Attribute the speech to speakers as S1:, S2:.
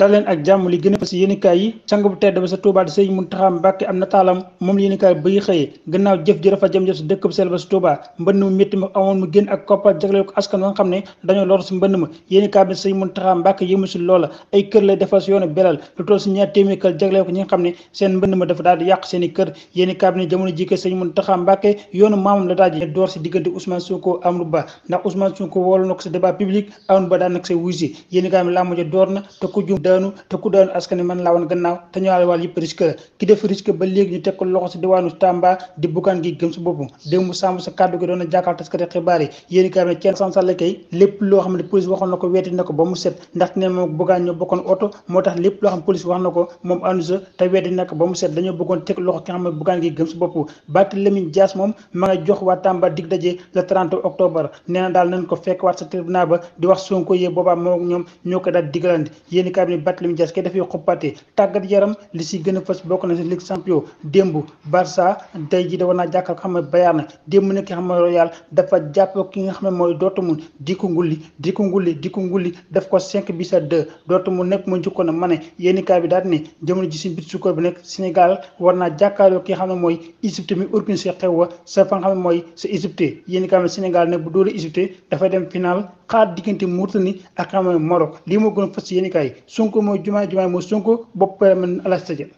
S1: dalen ak jàmm li gëna a yene kay yi sang bu tedd ba sa Touba di sëñ Muntaxa mbacke am na mom yene kay yéenikaay bëy xëyee gannaaw jëf ji rafa jëm jëf dekk bu sell ba sa Touba mbënn mu métti ma amoon mu gën ak koppar jagleel ko askan nga xamné dañu dañoo lor si mbënn ma kay bi sëñ Muntaxa mbacke yëmu si lool ay kër lay defal su yone belal lu tol su ñaar témi kal jagleel ko ñi nga xam seen mbënn ma dafa daal yaq seen kër yene kay bi ne jamono jikko sëñ Muntaxa Mbàkke yoonu maamam la daal di door ci diggante Ousmane Sonko Amadou Ba ndax Ousmane Sonko woolu na ko si débat public Amadou Ba daal nak sey wuy yene kay bi laa mujj door na te ku daanu te ku daanu askan wi man laa woon gannaaw te ñoo wàll yëpp risque ba léegi ñu teg ko loxo si diwaanu Tamba di bukkaan gi gëm loo xam ne police waxoon na ko weeti na ko ba mu set ndax ne moom bukkaan na ko na ko ba mu set dañoo bëggoon teg loxo ki xam ne bukkaan gi gëm sa bopp Baty Lamine Dias moom ma nga jox waa Tamba dig daje le 30 octobre nee na daal nañ ko fekk waat sa tribunal ba di wax Sonko yee boobaa moo ñoom ñoo daal digalante yéen i ne Barthélémy Dias kay dafay xuppate tàggat yaram li si gën a fës bokk na si Ligue champion démb Barça tey ji da war naa jàkkaar ko xam ne Bayern démb nag ki xam ne Royal dafa jàpp ki nga xam ne mooy Dortmund di ko ngulli di ko ngulli di ko ngulli daf ko cinq bis nekk mu njëkkoon a ma ne yéeni kaay bi daal ne jamono ji si bit sukkoor bi nekk Sénégal war naa jàkkaarloo ki nga xam ne mooy Égypte mi organisé xew wa sa fa nga xam ne mooy sa Égypte yéeni kaay bi Sénégal nag bu dóole Égypte dafay dem final xaar diggante Mauritanie a Sonko mooy jumaay jumaay mooy Sonko bopp pare man alas tajal